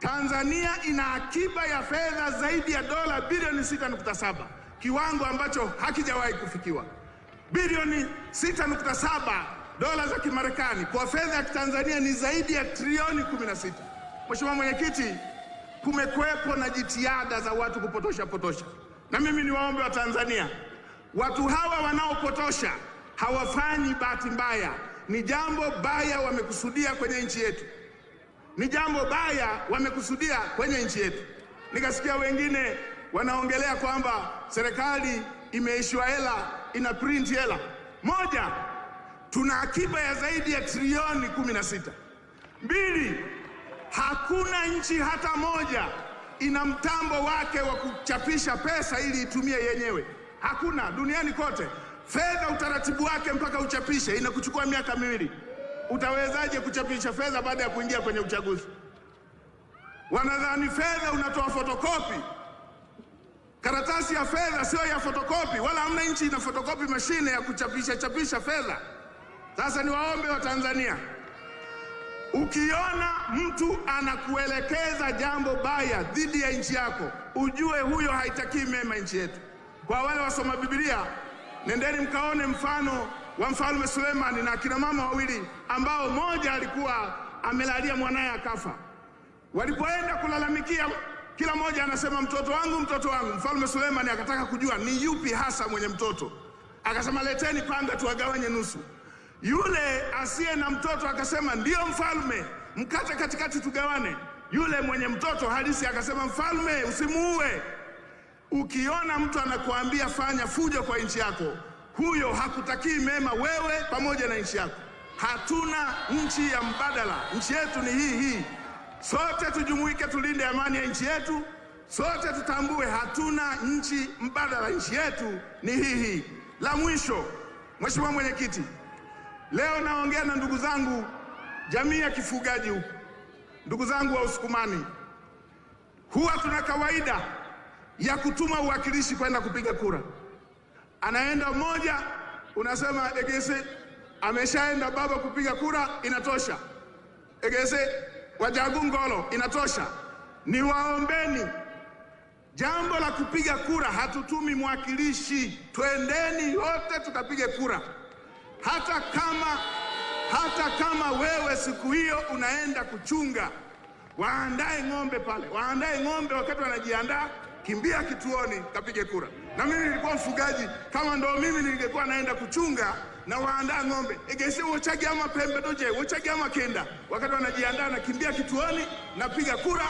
Tanzania ina akiba ya fedha zaidi ya dola bilioni 6.7, kiwango ambacho hakijawahi kufikiwa. Bilioni 6.7 dola za Kimarekani kwa fedha ya Kitanzania ni zaidi ya trilioni 16. Mheshimiwa Mwenyekiti, kumekuwepo na jitihada za watu kupotosha potosha, na mimi ni waombe wa Tanzania, watu hawa wanaopotosha hawafanyi bahati mbaya, ni jambo baya wamekusudia kwenye nchi yetu ni jambo baya wamekusudia kwenye nchi yetu. Nikasikia wengine wanaongelea kwamba serikali imeishiwa hela, ina print hela. Moja, tuna akiba ya zaidi ya trilioni sita Mbili, hakuna nchi hata moja ina mtambo wake wa kuchapisha pesa ili itumie yenyewe. Hakuna duniani kote. Fedha utaratibu wake mpaka uchapishe inakuchukua miaka miwili. Utawezaje kuchapisha fedha baada ya kuingia kwenye uchaguzi? Wanadhani fedha unatoa fotokopi. Karatasi ya fedha sio ya fotokopi, wala hamna nchi ina fotokopi mashine ya kuchapisha chapisha fedha. Sasa niwaombe Watanzania, ukiona mtu anakuelekeza jambo baya dhidi ya nchi yako, ujue huyo haitakii mema nchi yetu. Kwa wale wasoma Biblia, nendeni mkaone mfano wa mfalme Sulemani na akina mama wawili ambao mmoja alikuwa amelalia mwanaye akafa. Walipoenda kulalamikia, kila mmoja anasema mtoto wangu, mtoto wangu. Mfalme Sulemani akataka kujua ni yupi hasa mwenye mtoto, akasema leteni panga tuwagawanye nusu. Yule asiye na mtoto akasema ndiyo mfalme, mkate katikati tugawane. Yule mwenye mtoto halisi akasema mfalme, usimuue. Ukiona mtu anakuambia fanya fujo kwa nchi yako huyo hakutakii mema wewe pamoja na nchi yako. Hatuna nchi ya mbadala, nchi yetu ni hii hii. Sote tujumuike, tulinde amani ya nchi yetu. Sote tutambue hatuna nchi mbadala, nchi yetu ni hii hii. La mwisho, Mheshimiwa Mwenyekiti, leo naongea na ndugu zangu jamii ya kifugaji huku, ndugu zangu wa Usukumani, huwa tuna kawaida ya kutuma uwakilishi kwenda kupiga kura anaenda mmoja, unasema egese, ameshaenda baba kupiga kura, inatosha. Egese wajagu ngolo, inatosha. Niwaombeni jambo la kupiga kura, hatutumi mwakilishi, twendeni wote tukapige kura, hata kama hata kama wewe siku hiyo unaenda kuchunga, waandae ng'ombe pale, waandae ng'ombe wakati wanajiandaa kimbia kituoni kapige kura. Na mimi nilikuwa mfugaji, kama ndo mimi ningekuwa naenda kuchunga na waandaa ng'ombe egese wochagi ama pembe doje wochagi ama kenda, wakati wanajiandaa, nakimbia kituoni, napiga kura.